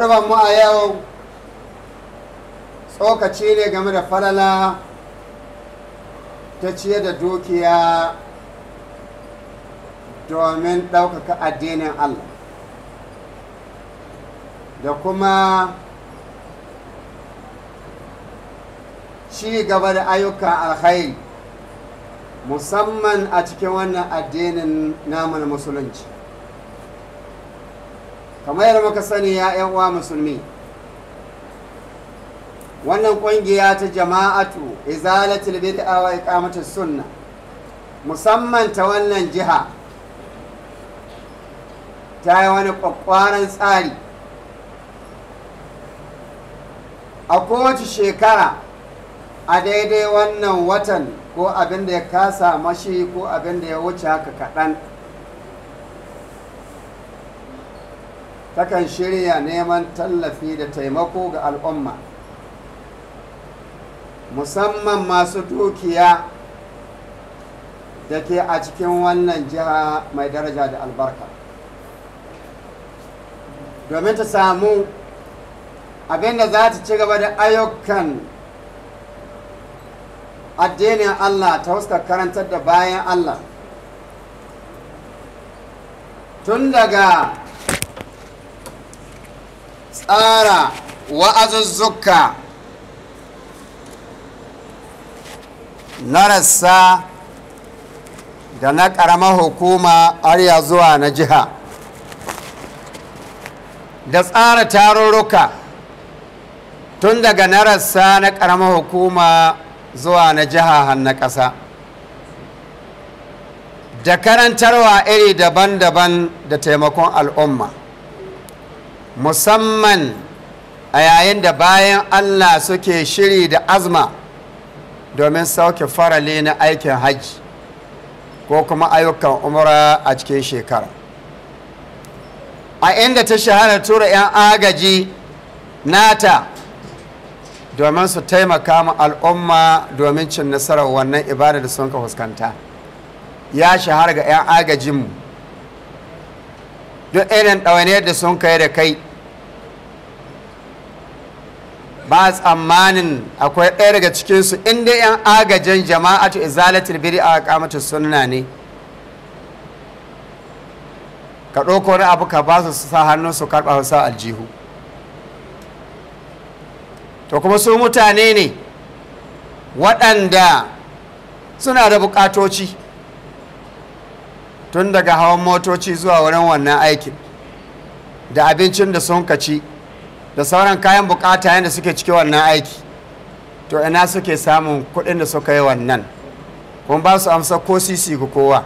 mu a yau tsokaci ne game da falala ta ciye da dukiya domin ɗaukaka addinin allah da kuma ci gaba da ayyukan alkhairi musamman a cikin wannan addinin namun musulunci kamar yadda muka sani ya yan uwa musulmi wannan kungiya ta jama'atu izalatul bid'a wa iqamatus sunna musamman ta wannan jiha ta yi wani kwakwaran tsari a kowace shekara a daidai wannan watan ko abin da ya kasa mashi ko abin da ya wuce haka kaɗan takan shirya neman tallafi da taimako ga al'umma musamman masu dukiya da ke a cikin wannan jiha mai daraja da albarka domin ta samu abinda za ta ci gaba da ayyukan addinin allah ta huskar karantar da bayan allah tun daga tsara wa'azuzzuka na rassa da na ƙarama hukuma arya zuwa na jiha da tsara tarurruka tun daga na na ƙarama hukuma zuwa na jiha na ƙasa da karantarwa iri daban-daban da taimakon al'umma musamman a yayin da bayan allah suke shiri da azma domin sauke farale na aikin hajji ko kuma ayyukan umra a cikin shekara a inda ta shahara tura 'yan agaji nata domin su taimaka ma al'umma domin cin nasarar wannan ibada da sun ka fuskanta ya shahara ga 'yan agajinmu duk irin ɗaune da sun kai da kai ba tsammanin akwai ɗaya daga cikinsu inda 'yan agajin jama'atu izalatar biri a kamata sunna ne ka ɗauko wani abu ka ba su sa hannu su karɓa wasu aljihu to kuma su mutane ne waɗanda suna da buƙatoci tun daga hawan motoci zuwa wurin wannan aiki, da abincin da sun kaci da sauran kayan bukata yadda suke cike wannan aiki to ina suke samun kuɗin da suka yi wannan kun ba su amsa ko sisi ga kowa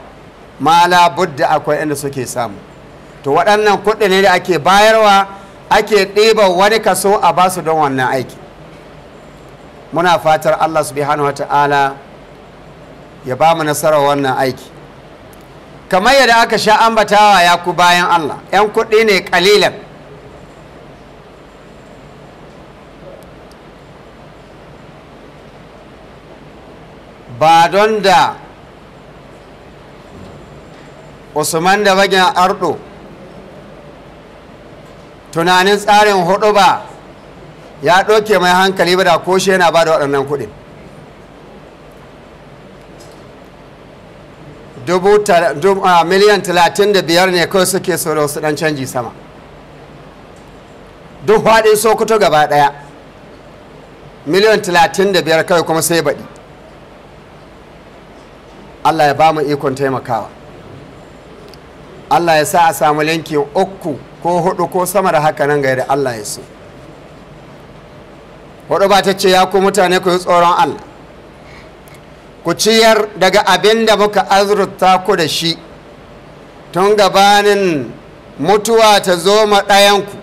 mala budda akwai inda suke samu to waɗannan kuɗi ne da ake bayarwa ake ɗiba wani kaso a ba su don wannan aiki muna fatar allah subhanahu wa ta'ala ya ba mu nasarar wannan aiki kamar yadda aka sha ambatawa ya ku bayan Allah 'yan kuɗi ne ƙalilan ba don da usman da bagin ardo tunanin tsarin hudu ba ya ɗauke mai hankali ba da koshe yana ba da waɗannan kuɗin Ah, miliyan talatin da biyar ne kawai suke tsoro su dan canji sama duk faɗin sokoto gaba ɗaya miliyan talatin da biyar kawai kuma sai baɗi allah ya ba mu ikon taimakawa allah ya sa a samu linkin uku ko hudu ko sama da haka nan gaida allah ya so hudu ba ta ce ya ku mutane ku yi tsoron allah ku ciyar daga abin da muka azurta ku da shi tun gabanin mutuwa ta zo ma ɗayanku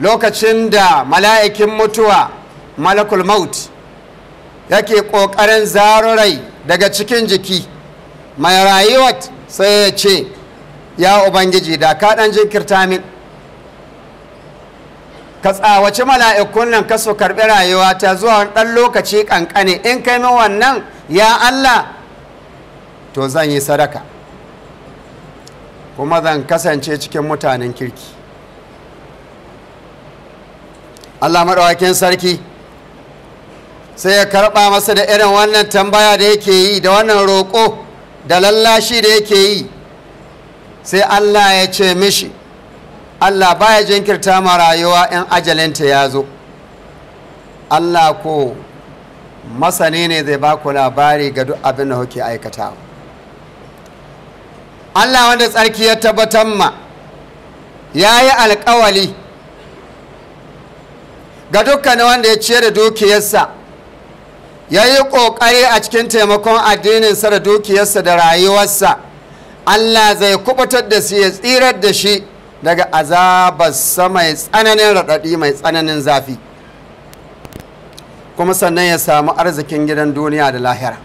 lokacin da mala'ikin mutuwa malakul maut yake ƙoƙarin zarurai daga cikin jiki mai rayuwat sai ya ce ya ubangiji da ka ɗan jinkirta min ka tsawaci mala'ikun nan ka su karɓi rayuwa ta zuwa wani ɗan lokaci ƙanƙane in kai min wannan ya Allah to zan yi sadaka kuma zan kasance cikin mutanen kirki Allah maɗawakin sarki sai ya karɓa masa da irin wannan tambaya da yake yi da wannan roƙo da lallashi da yake yi sai Allah ya ce mishi Allah baya jinkirta ma rayuwa in ajalinta ya zo Allah ko masani ne zai ba ku labari ga duk abin da kuke aikata Allah wanda tsarki ya tabbatar ma ya yi alkawali ga dukkanin wanda ya ciyar da dukiyarsa ya yi ƙoƙari a cikin taimakon addininsa da dukiyarsa da rayuwarsa Allah zai kubutar da su ya tsirar da shi daga azabarsa mai tsananin raɗaɗi mai tsananin zafi kuma sannan ya samu arzikin gidan duniya da lahira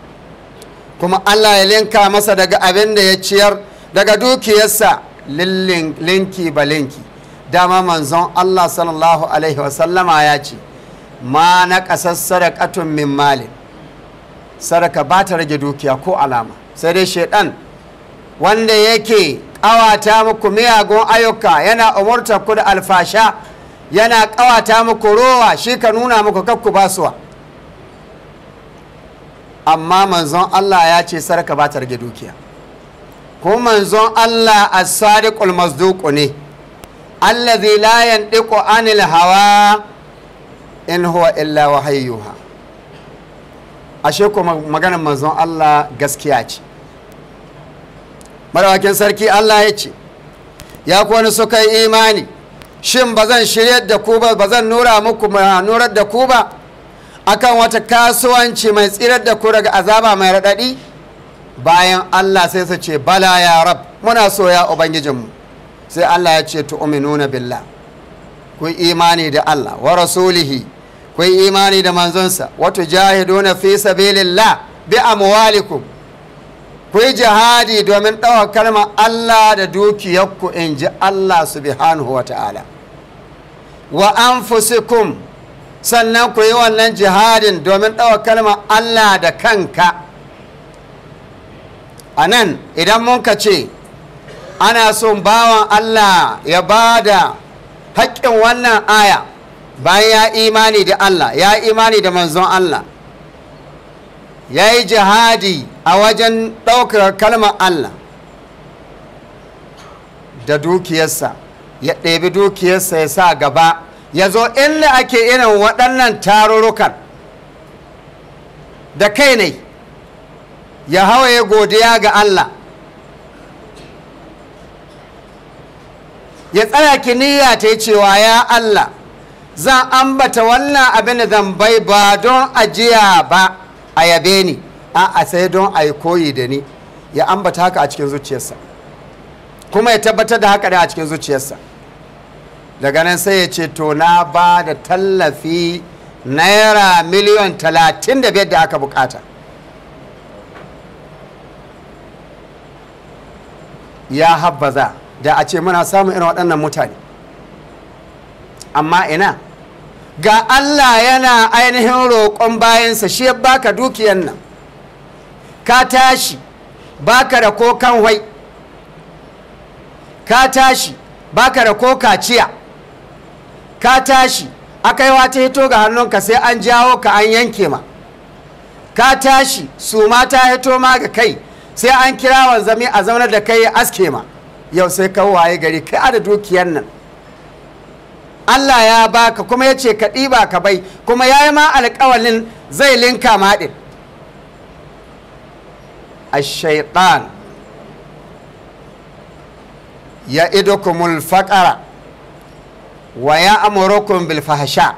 kuma allah ya linka masa daga abin da ya ciyar daga dukiyarsa linki ba linki dama manzon allah sallallahu alaihi wasallama ya ce ma na ƙasar sadakatun min malin sadaka ba ta rage dukiya ko alama sai dai shaidan wanda yake kawata muku miyagun ayyuka yana umurtar ku da alfasha yana ƙawata muku rowa shi ka nuna muku kakku basuwa amma manzon Allah ya ce sarka ba ta rage dukiya ko manzon Allah as-sadiqul masduq ne allazi la yandiqu anil hawa in huwa illa wahayyuha ashe ko maganar manzon Allah gaskiya ce marawakin sarki Allah ya ce ya kuwa suka yi imani shin ba zan shirya da ku ba ba zan nura muku nurar da ku ba akan wata kasuwanci mai tsirar da ku daga azaba mai raɗaɗi bayan Allah sai su ce bala ya rab muna so ya ubangijinmu sai Allah ya ce uminuna billah ku imani da Allah wa rasulihi ku imani da manzonsa wato jahiduna fi sabilillah bi amwalikum ku yi jihadi domin ɗaukar ma Allah da dukiyarku in ji Allah subhanahu wa ta'ala wa anfusikum sannan ku yi wannan jihadin domin ɗaukar kalma Allah da kanka a nan idan mun ka ce ana son bawan Allah ya ba da haƙƙin wannan aya bayan ya imani da Allah ya imani da manzon Allah ya yi jihadi a wajen ɗaukar kalmar Allah da dukiyarsa ya ɗebi dukiyarsa ya sa gaba ya zo inda ake irin waɗannan tarurrukan da kai ne ya hawaye godiya ga Allah ya tsaya niyya ta yi cewa ya Allah zan ambata wannan abin da zan ba don ajiya ba a yabe ni a sai don a yi koyi da ni ya ambata haka a cikin zuciyarsa kuma ya tabbatar da haka a cikin zuciyarsa daga nan sai ya ce to na ba da tallafi naira miliyan talatin da biyar da aka bukata ya habbaza da a ce muna samun irin waɗannan mutane amma ina ga Allah yana ainihin roƙon bayansa shi baka dukiyan nan ka tashi baka da ko wai ka tashi baka da ko kaciya ka tashi yi ta hito ga hannunka sai an jawo ka an yanke ma ka tashi su ma ta hito ma ga kai sai an kira wanzami a zaunar da kai aske ma yau sai ka waye gari kai a da dukiyan nan Allah ya baka kuma ya ce ka ɗiba ka bai kuma ya yi ma alƙawalin zai linka maɗin a shaiɗan ya ido ku faƙara wa ya amurukun bilfahasha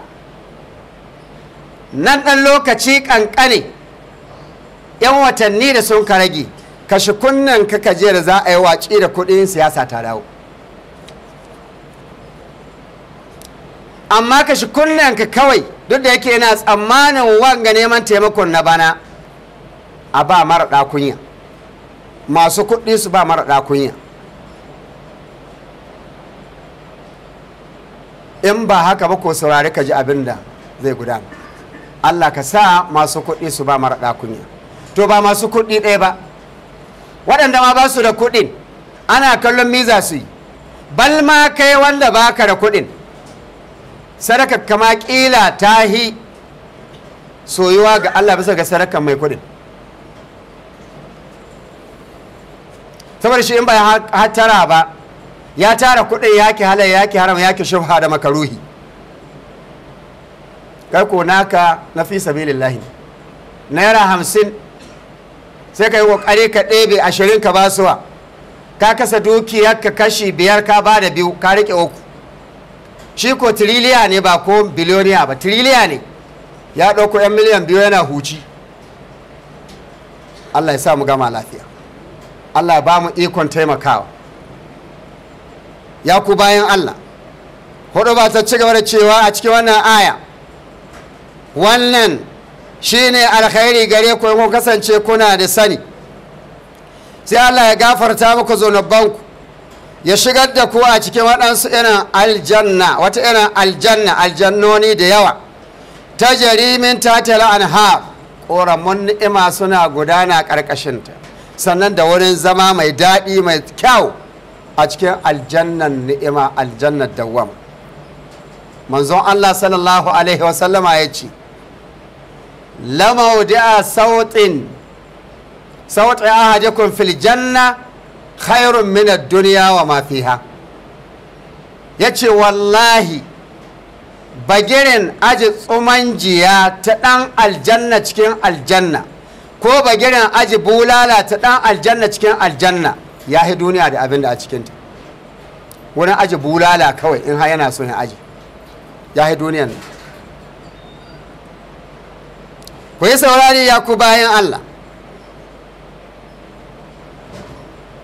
nan ɗan lokaci ƙanƙane ‘yan watanni da sun ka rage kashe kunnen ka kaje da za a yi waci da kuɗin siyasa ta dawo. amma ka shi ka kawai duk da yake yana tsammanin wanga neman taimakon na bana a ba mara ɗakunya masu kuɗi su ba mara ɗakunya in ba haka ba ko saurari ka ji abin da zai gudana allah ka sa masu kuɗi su ba mara ɗakunya to ba masu kuɗi ɗaya ba waɗanda ma ba su da kuɗin ana kallon miza su yi bal ma kai wanda ba ka da kuɗin sadakar kama ƙila ta hi soyuwa ga Allah bisa ga sarakar mai kudin saboda shi in ba ya hatara ba ya tara kudin yaki ya yaki haram yaki shubha da makaruhi kai ko naka na fi sabilillahi naira hamsin sai ka yi kokari ka ɗebe ashirin ka basuwa ka kasa dukiyar ka kashi biyar ka ba da biyu ka riƙe uku shi ko tiriliya ne ba ko biliyoniya ba tiriliya ne ya ɗauko 'yan miliyan biyu yana huci allah ya sa mu gama lafiya allah ba mu ikon taimakawa ya ku bayan allah hudu ba ta ci gaba da cewa a cikin wannan aya wannan shine alkhairi gare ku kasance kuna da sani sai allah ya gafarta muku zonabbanku ya shigar da ku a cikin waɗansu irin aljanna wata irin aljanna aljannoni da yawa ta jarimin tatala haf ƙoramun ni'ima suna gudana ƙarƙashinta sannan da wurin zama mai daɗi mai kyau a cikin aljannan ni'ima aljannar dawwam manzon allah sallallahu alaihi wasallama ya ce lamaudi'a sautin sautin ahadikun fil janna khairun min ad-dunya wa ma fiha yace wallahi bagirin aji tsumanjiya ta ɗan aljanna cikin aljanna ko bagirin aji bulala ta ɗan aljanna cikin aljanna ya yi duniya da abin da a cikinta wurin aji bulala kawai in har yana son aji ya yi duniyan ku yi saurari ya ku bayan allah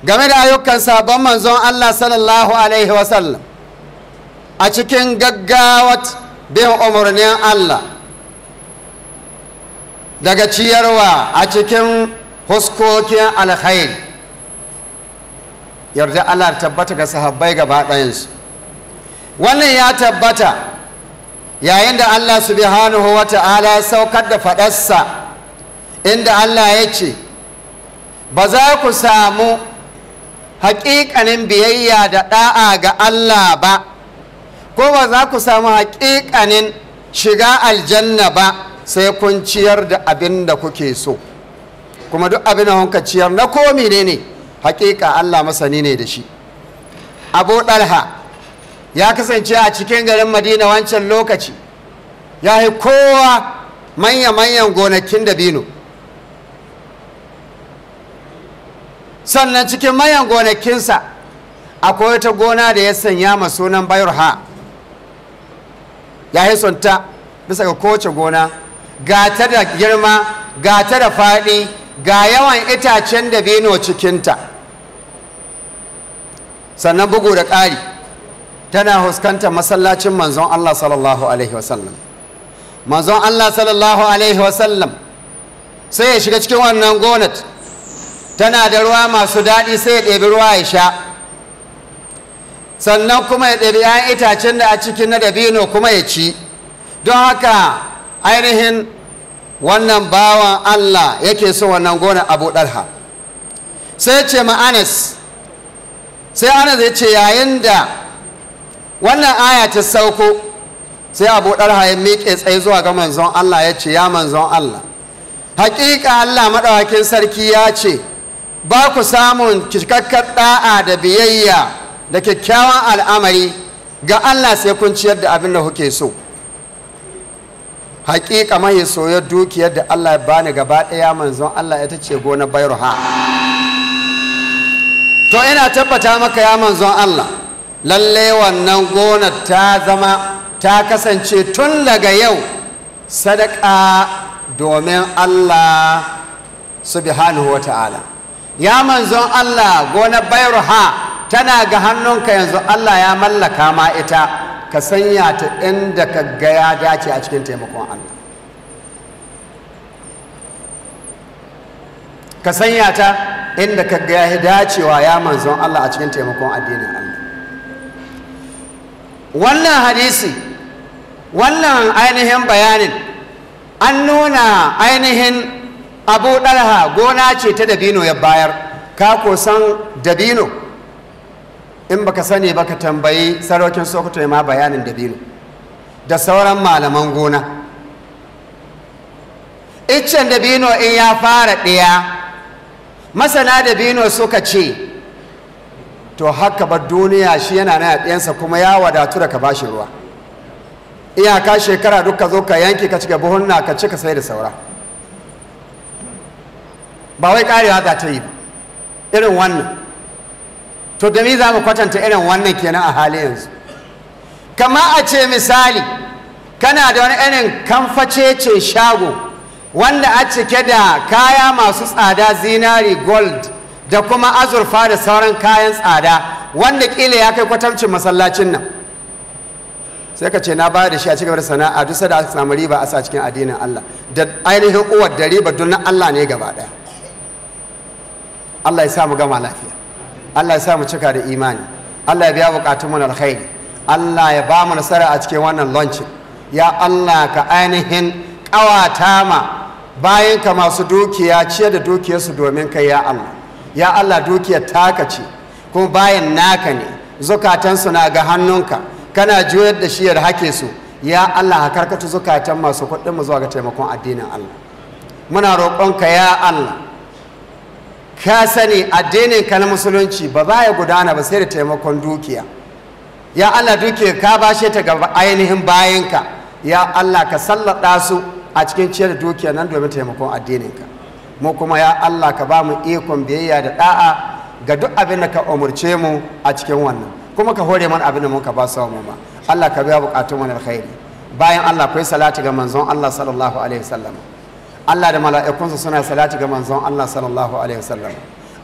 game da ayyukan sabon manzon Allah sallallahu alaihi wasallam a cikin gaggawat bin umarnin Allah daga ciyarwa a cikin huskokin alkhairi yarda Allah tabbata ga sahabbai gaba ɗayansu wannan ya tabbata yayin da Allah subhanahu wa ta'ala saukar da faɗarsa inda Allah ya ce ba za ku samu haƙiƙanin biyayya da ɗa'a ga Allah ba ko ba za ku samu haƙiƙanin shiga aljanna ba sai kun ciyar da abin da kuke so kuma duk abin da kuka ciyar na komi ne ne haƙiƙa Allah masani ne da shi abu ɗalha ya kasance a cikin garin madina wancan lokaci ya yi kowa manya-manyan gonakin dabino sannan cikin mayan gonakinsa akwai wata gona da ya sanya ma sunan ha ya hisonta bisa ga kowace gona ga ta da girma ga ta da faɗi ga yawan itacen da bino cikinta sannan bugu da ƙari tana huskanta masallacin manzon Allah sallallahu alaihi wasallam manzon Allah sallallahu alaihi wasallam sai ya shiga cikin wannan gonat tana da ruwa masu daɗi sai ya ɗebi ruwa ya sha sannan kuma ya ɗebi 'ya'yan itacen da a cikin na dabino kuma ya ci don haka ainihin wannan bawan Allah yake son wannan gona abu ɗarha. sai ce ma'anis. sai anas ya ce yayin da wannan aya ta sauko sai abu ɗarha ya miƙe tsaye zuwa ga manzon Allah ya ce ya manzon Allah haƙiƙa Allah maɗaukakin sarki ya ce ba ku samun cikakkar da'a da biyayya da kyakkyawan al'amari ga Allah sai kun ciyar da abin da kuke so haƙiƙa mahi soyar dukiyar da Allah ya bani gaba ɗaya manzon Allah ita ce gona bayruha to ina tabbata maka ya manzon Allah lalle wannan gona ta zama ta kasance tun daga yau sadaka domin Allah subhanahu wa ta'ala ya manzon Allah gonar ha tana ga hannunka yanzu Allah ya mallaka ma ita ka sanya ta inda ka ga ya dace a cikin taimakon Allah ka sanya ta inda ka ga ya dacewa ya manzon Allah a cikin taimakon addinin Allah wannan hadisi wannan ainihin bayanin an nuna ainihin abu ɗalha gona ce ta dabino ya bayar ka ko san dabino in baka sani ba ka tambayi sarokin sokoto ya ma bayanin dabino da sauran malaman gona iccen dabino in ya fara ɗaya masana dabino suka ce to haka ba duniya shi yana na ɗiyansa kuma ya wadatu da ka bashi ruwa iyaka shekara duk zo ka yanki ka cika buhunna ka ka sai da saura ba wai karewa za ta yi irin wannan to da za mu kwatanta irin wannan kenan a hali yanzu kama a ce misali kana da wani irin kamfacece shago wanda a cike da kaya masu tsada zinari gold da kuma azurfa da sauran kayan tsada wanda kila ya kai kwatancin masallacin nan sai ka ce na bayar da shi a cikin sana'a duk da aka samu riba a sa cikin addinin Allah da ainihin uwar da riba don Allah ne gaba daya Allah ya sa mu gama lafiya Allah ya sa mu cika da imani Allah ya biya bukatun mu alkhairi Allah ya ba mu nasara a cikin wannan launching ya Allah ka ainihin ƙawata ma bayan ka masu dukiya ciye da su domin kai ya Allah ya Allah dukiyar taka ce kuma bayan naka ne zukatansu na ga hannunka kana juyar da shiyar hake su ya Allah ka karkata zukatan masu kuɗin mu zuwa ga taimakon addinin Allah muna roƙonka ya Allah ka sani addinin ka na musulunci ba za ya gudana ba sai da taimakon dukiya ya Allah dukiya ka bashe ta ga ainihin bayanka ya Allah ka sallada su a cikin ciyar dukiya nan domin taimakon addininka mu kuma ya Allah ka ba mu ikon biyayya da da'a ga duk abin da ka umurce mu a cikin wannan kuma ka hore mana abin da muka ba sa mu ma Allah ka biya bukatun mu alkhairi bayan Allah kai salati ga manzon Allah sallallahu alaihi wasallam Allah da mala'ikunsa suna salati ga manzon Allah sallallahu alaihi wasallam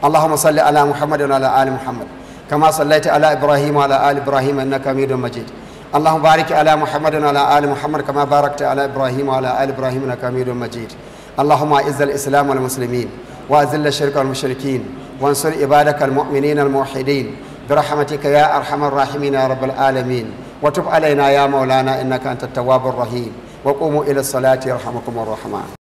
Allahumma salli ala Muhammad wa ala ali Muhammad kama sallaita ala Ibrahim wa ala ali Ibrahim innaka Hamidum Majid Allahumma barik ala Muhammad wa ala ali Muhammad kama barakta ala Ibrahim wa ala ali Ibrahim innaka Hamidum Majid Allahumma izzal Islam wal Muslimin wa azil ash wa ansur ibadak al mu'minin al muwahhidin bi rahmatika ya arhamar rahimin ya alamin wa tub alaina ya maulana in na antat tawwabur rahim وقوموا ila salati يرحمكم الرحمن